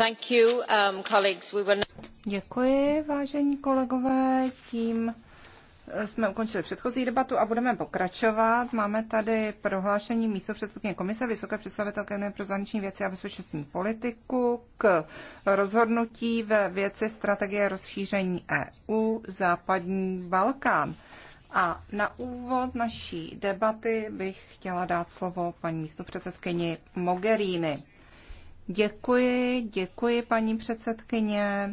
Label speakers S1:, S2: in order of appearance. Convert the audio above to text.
S1: Um,
S2: Děkuji, vážení kolegové. Tím eh, jsme ukončili předchozí debatu a budeme pokračovat. Máme tady prohlášení místo předsedkyně komise Vysoké představitelky Unie pro zahraniční věci a bezpečnostní politiku k rozhodnutí ve věci strategie rozšíření EU západní Balkán. A na úvod naší debaty bych chtěla dát slovo paní místopředsedkyni Mogherini. Děkuji, děkuji paní předsedkyně.